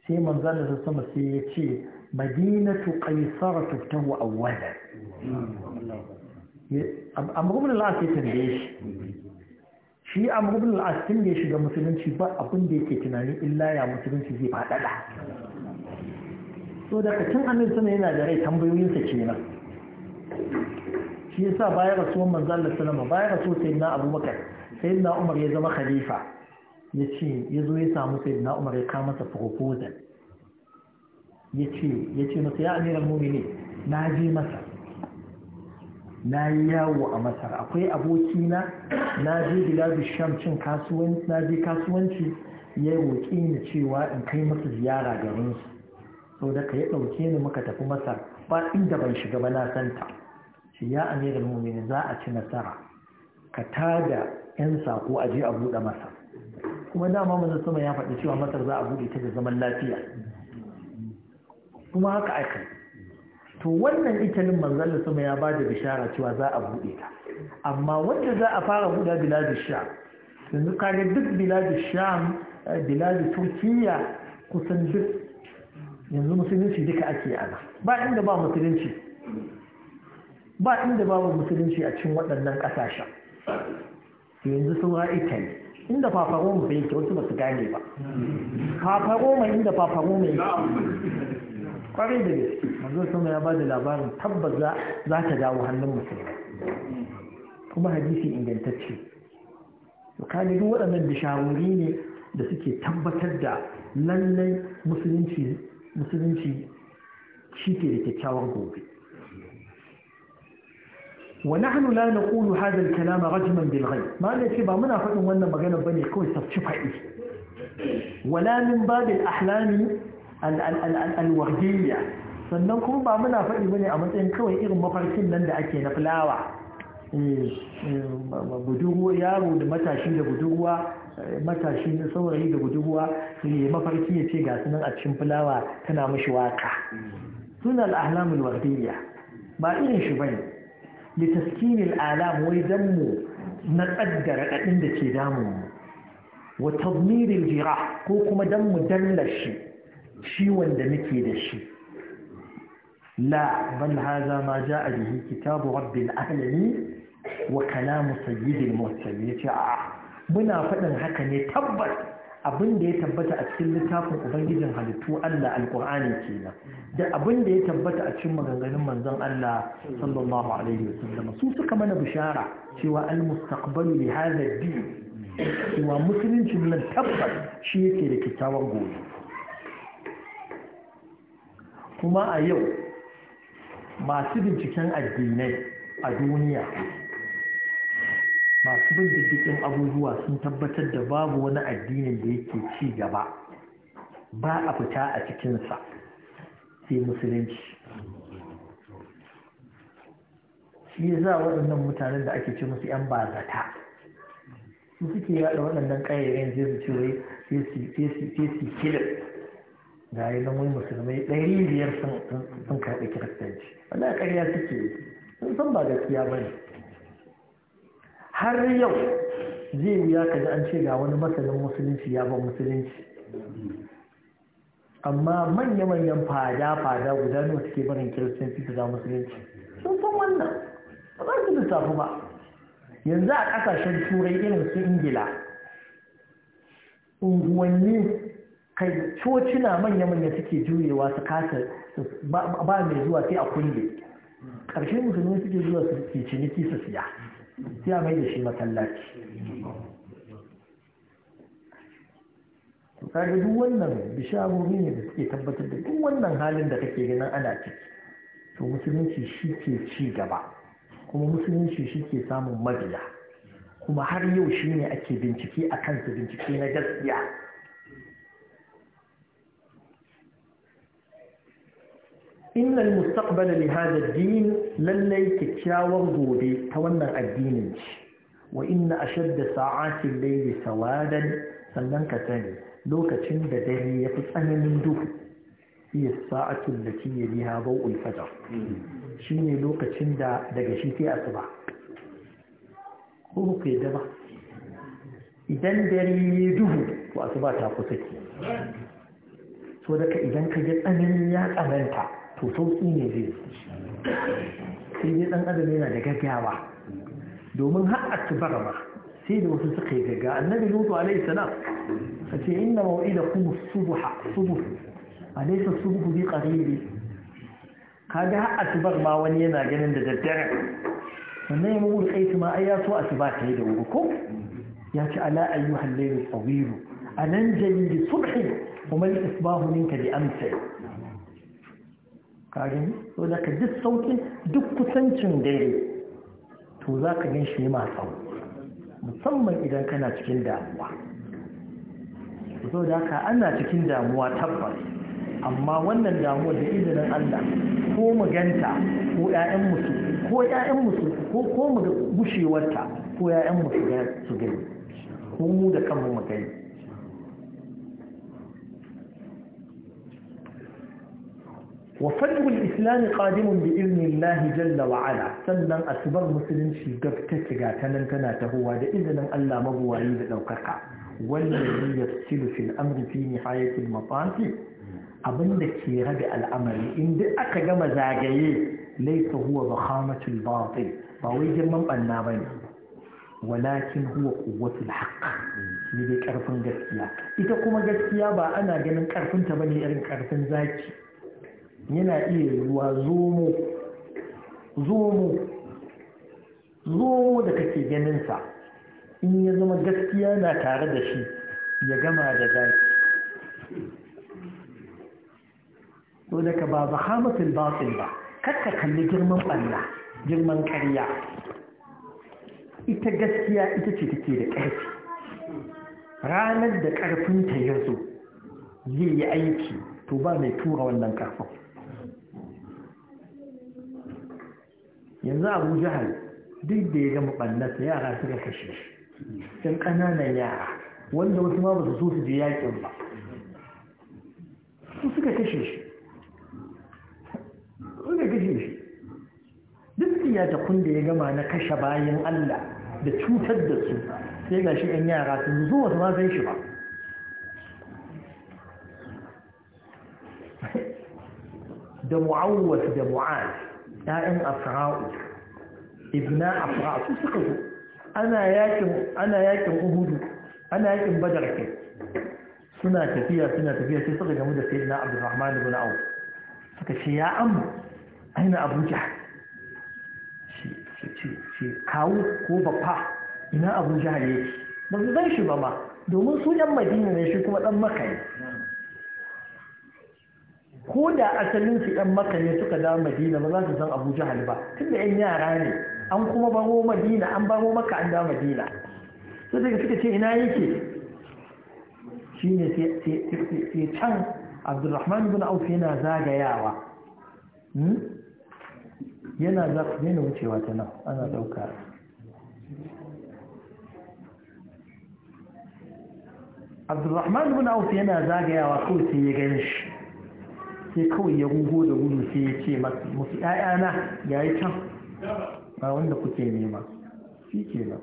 Speaker 1: sai manzana da sama sai ya ce madinatu qaisar wa awwalan amurubin al'as tambaye shi shi tun da ya shiga musulunci ba abin da yake tunanin illa ya musulunci zai faɗaɗa so daga tun amin suna yana da rai tambayoyinsa kenan shi yasa bayan rasuwan manzo Allah sallama bayan abu sayyidina Abubakar na Umar ya zama khalifa ya ce ya zo ya samu sai na Umar ya kama masa proposal ya ce ya ce masa ya amiral mu'minin na je masa na yi yawo a masar akwai abokina na je biladu kasuwanci na je kasuwanci ya roƙi ni cewa in kai masa ziyara garin su so da ka yi ɗauke ni muka tafi masar ba inda ban shiga ba na santa shi ya amiral mumin za a ci nasara ka tada yan sako a je a buɗe masa kuma dama manzo sama ya faɗi cewa masar za a buɗe ta da zaman lafiya kuma haka aka to wannan italin manzon sama ya bada bishara cewa za a bude ta amma wanda za a fara buɗe biladu sham yanzu kare duk biladu sham eh, biladu turkiya kusan duk yanzu musulunci duka ake ana ba inda ba musulunci ba inda babu musulunci a cikin waɗannan ƙasashen yanzu saura italy inda fafaroma bai yake wasu ba su gane ba mai inda mai yake kwarai da gaske manzo sama ya ba da labarin tabbas za ta dawo hannun musulmai kuma hadisi ingantacce to duk waɗannan bishawarori ne da suke tabbatar da lallai musulunci musulunci shi ke da kyakkyawar gobe ونحن لا نقول هذا الكلام رجما بالغيب ما الذي با منا فدن wannan magana ne kawai tafci fadi wala min ahlami alwardiyya sannan kuma ba muna faɗi bane a matsayin kawai irin mafarkin nan da ake na fulawa eh, eh, yaro da matashi da budurwa eh, matashi da saurayi da budurwa ne mafarki ya ce ga sunan a cikin fulawa tana mashi waka suna al'ahlamul wardiya ba irin shi bane litaskinil alam wai dan mu na tsaddara kadin da ke damun mu wa tadmiril jira ko kuma dan mu dallashi ciwon da nake da shi la bal haza ma ja'a bihi kitabu rabbil alamin wa kalamu sayyidil mursalin yace a muna faɗin haka ne tabbas abin da ya tabbata a cikin littafin ubangijin halittu Allah alqur'ani kenan da abin da ya tabbata a cikin maganganun manzon Allah sallallahu alaihi wasallam su suka mana bishara cewa al mustaqbalu li hadha ad-din cewa musulunci nan tabbas shi yake da kyakkyawan gobe kuma a yau masu binciken addinai a duniya masu bin abubuwa sun tabbatar da babu wani addinin da yake ci gaba ba a fita a cikinsa sai musulunci shi za waɗannan mutanen da ake ce musu 'yan bazata su suke yaɗa waɗannan ƙayayyen zai su ce wai ga yi nan wani musulmai ɗari biyar sun karɓi kiristanci a ƙarya suke sun san ba gaskiya ba ne har yau zai wuya ka ji an ce ga wani masanin musulunci ya ba musulunci amma manya-manyan fada-fada guda nawa suke barin kiristanci su da musulunci sun san wannan ba za su lissafi ba yanzu a ƙasashen turai irin su ingila unguwanni kai na manya-manya suke juyewa su kasa ba mai zuwa sai a kulle ƙarshen musulmi suke zuwa su ciniki su siya sai mai da shi masallaci kaga duk wannan bishamomi ne da suke tabbatar da duk wannan halin da kake ganin ana ciki to musulunci shi ke ci gaba kuma musulunci shi ke samun mabiya kuma har yau shi ne ake bincike a kansu bincike na gaskiya innal mustaqbala li hada ad-din lallai kyakkyawar gobe ta wannan addinin ce wa inna ashadda sa'atin layli sawadan sannan ka sani lokacin da dare ya fi tsananin duhu iya sa'atun da ya biya bau'ul fajar shi ne lokacin da daga shi sai asuba ko kai da ba idan dare ya duhu to asuba ta kusa ke so daga idan ka ji tsananin ya tsananta to sauƙi ne zai sai dai ɗan adam yana da gaggawa domin har akbar ma sai da wasu suka yi gaggawa annabi lutu alaihi salam a ce inna maw'ida kuma subuha subuh alaysa subuhu bi qaribi kaga har akbar ma wani yana ganin da daddare sannan ya mu kai ma ai ya so asuba ta yi da wuri ko ya ci ala ayyuhal layl tawilu A nan bi subhi Kuma mal isbahu minka bi amsi ƙarin so da ka duk sauƙin duk kusancin dare to za ka gan shi ma tsawo musamman idan kana cikin damuwa so da ka ana cikin damuwa tabbas amma wannan damuwa da izinin Allah ko maganta ko ƴaƴan musu ko ‘ya’yan musu ko ko mu gushewarta ko ƴaƴan musu su gani ko mu da kanmu mu gani Wa wafajin islami kadimun da izinin lahi jalla wa'ala sannan a musulunci gafta ciga ta nan tana tahowa da izinin allah mabuwayi da daukaka wanda ya cilu fil amri fi ni hayatul mafafi abinda ke rabe al'amari in inda aka gama zagaye laifa huwa ba khamatul ba wai girman banna ba ne walakin huwa kuwatul haqq ne dai karfin gaskiya ita kuma gaskiya ba ana ganin karfinta ba ne irin karfin zaki yana iya yiwuwa zomo zomo zomo da kake ganinsa in ya zama gaskiya na tare da shi ya gama da zaki to daga ba bahamatul batil ba kakka kalli girman ɓanna girman ƙarya. ita gaskiya ita ce take da ƙarfi ranar da ƙarfinta ya zo zai yi aiki to ba mai tura wannan ƙarfin yanzu abu jihar duk da ya gama ɓannarsa yara suka kashe shi ɗan ƙananan yara wanda wasu ma ba su so su je yaƙin ba su suka kashe shi suka kashe shi duk siyatakun da ya gama na kashe bayan Allah da cutar da su sai ga shi ‘yan yara sun zo wasu ma san shi ba da mu'awwas da mu'az ‘ya'yan afra'u ibna afra'u su suka zo ana yakin uhudu ana yakin badar suna tafiya suna tafiya sai suka gamu da sayyidina abdurrahman ibn auf suka ce ya amma aina abuja ce kawo ko baffa ina abuja yake ba su zan shi ba ma domin su ɗan madina ne shi kuma ɗan maka ne ko da asalin su ɗan maka ne suka dawo madina ba za su san abu jahal ba tun da yan yara ne an kuma baro madina an baro maka an dawo madina sai daga suka ce ina yake ne sai can abdulrahman bin auf yana zagayawa hmm? yana yana wucewa ta nan ana ɗauka abdulrahman bin auf yana zagayawa kawai sai ya gan shi sai kawai ya gugu da gudu sai ya ce musu ‘ya'yana ya yi can ba wanda kuke nema shi ke nan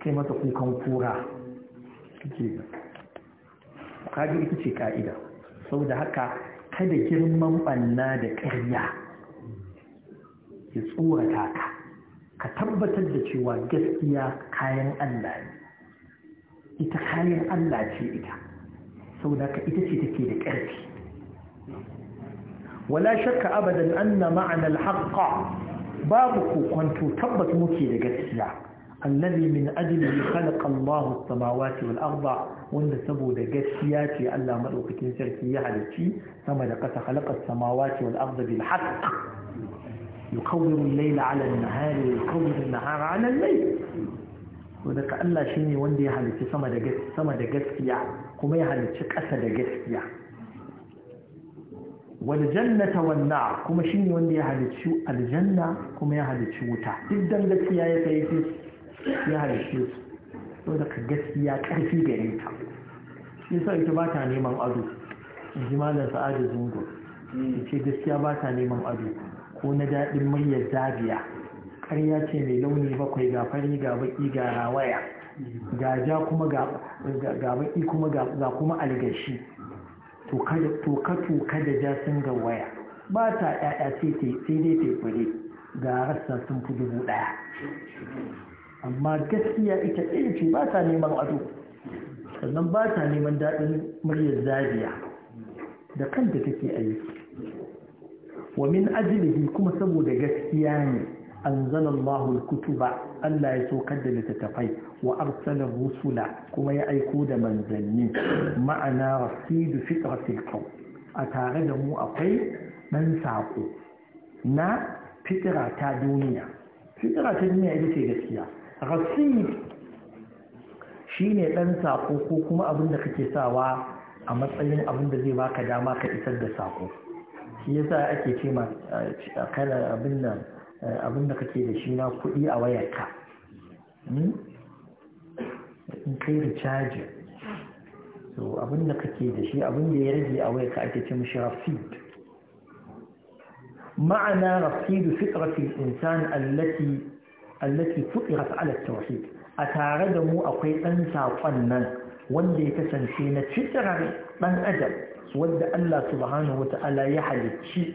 Speaker 1: kai mata kukan kura ke nan kaji ita ce ka'ida saboda haka kada girman ɓanna da ƙarya ya tsorata ka ka tabbatar da cewa gaskiya kayan Allah ne ita kayan Allah ce ita saboda haka, ita ce take da ƙarfi wala shakka abadan anna ma'anar al babu kokonto tabbas muke da gaskiya allazi min ajli khalaqa Allahu as-samawati wal arda wanda saboda gaskiya ce Allah madaukakin sarki ya halicci sama da ƙasa khalaqa as-samawati wal arda bil haqq yukawwiru al-layla 'ala an-nahari wa yukawwiru an-nahara 'ala al Allah shine wanda ya halicci sama da gaskiya kuma ya halicci ƙasa da gaskiya wani jannata wanda kuma shi ne wanda ya halicci Al-Janna kuma ya halicci wuta duk dan gaskiya ya kai shi ya halicci su to da gaskiya karfi gare ta shi sai ta bata neman ado in ji malam sa'adu zungo in ce gaskiya ta neman ado ko na dadin mayyar zabiya ƙarya ce mai launi bakwai ga fari ga baki ga rawaya ga ja kuma ga baki kuma ga kuma algashi toka da ja sun ga waya ba ta ‘ya'ya sai dai taifure ga rassa sun fi dubu ɗaya amma gaskiya ita ɗaya ce ba ta neman ado sannan ba ta neman daɗin muryar zabiya da kanta take aiki wa min ajilihi kuma saboda gaskiya ne an zanen mahul kutuba Allah ya saukar da tafai. wa arsala rusula kuma ya aiko da manzanni ma'ana rasidu fitratil qaw a tare da mu akwai dan sako na fitra ta duniya fitra ta duniya ita ce gaskiya rasid shine dan sako ko kuma abin da kake sawa a matsayin abin da zai baka dama ka isar da sako shi yasa ake ce ma eh, kana abin nan eh, abin da kake da shi na kuɗi a wayarka hmm? in kai da caji so abinda kake da shi abinda ya rage a waya ka ake ce mishi rafid معنى رصيد فطرة الإنسان التي التي A tare da mu akwai ɗan saƙon nan, wanda ya kasance na fitrar ɗan adam wadda Allah subhanahu wa ta'ala ya halicci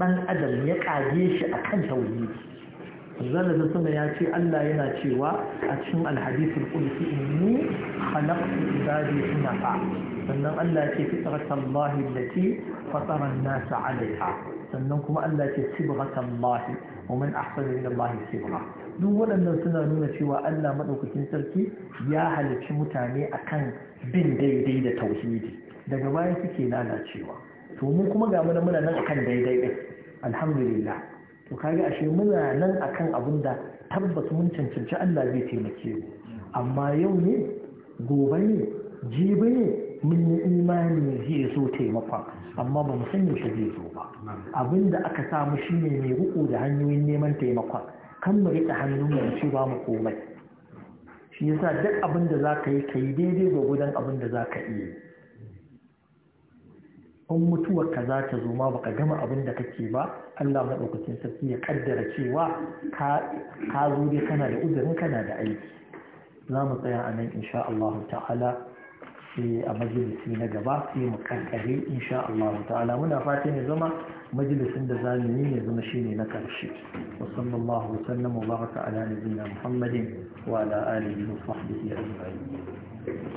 Speaker 1: ɗan adam ya ƙage shi a kan tauhidi zana da suna ya ce Allah yana cewa a cikin alhadisul qudsi inni khalaqtu ibadi sunafa sannan Allah ya ce fitratallahi allati fatara an-nasa 'alayha sannan kuma Allah ya ce sibghatallahi wa man ahsana min Allah sibgha duk waɗannan suna nuna cewa Allah madaukakin sarki ya halicci mutane akan bin daidai da tauhidi daga baya suke lalacewa to mu kuma ga mu muna nan akan daidai din alhamdulillah to kaga ashe muna nan akan abin da tabbas mun cancanci Allah zai taimake mu amma yau ne gobe ne jibi ne mun yi imani zai zo taimaka amma ba mu san yaushe zai zo ba abin da aka samu shine mai ruku da hanyoyin neman taimaka kan mu riƙe hannu mu ci ba mu komai shi yasa duk abin da za ka yi ka daidai ga gudan abin da zaka ka iya in mutuwar ka za ta zo ma baka gama abin da kake ba Allah maɗaukacin sarki ya kaddara cewa ka zo dai kana da uzurin kana da aiki za mu tsaya a nan insha Allah ta'ala sai a majalisi na gaba sai mu kankare insha Allah ta'ala muna fatan ya zama majalisin da za mu yi ne zama shine na karshe wa sallallahu wa sallam wa baraka ala nabiyyina Muhammadin wa ala alihi wa sahbihi ajma'in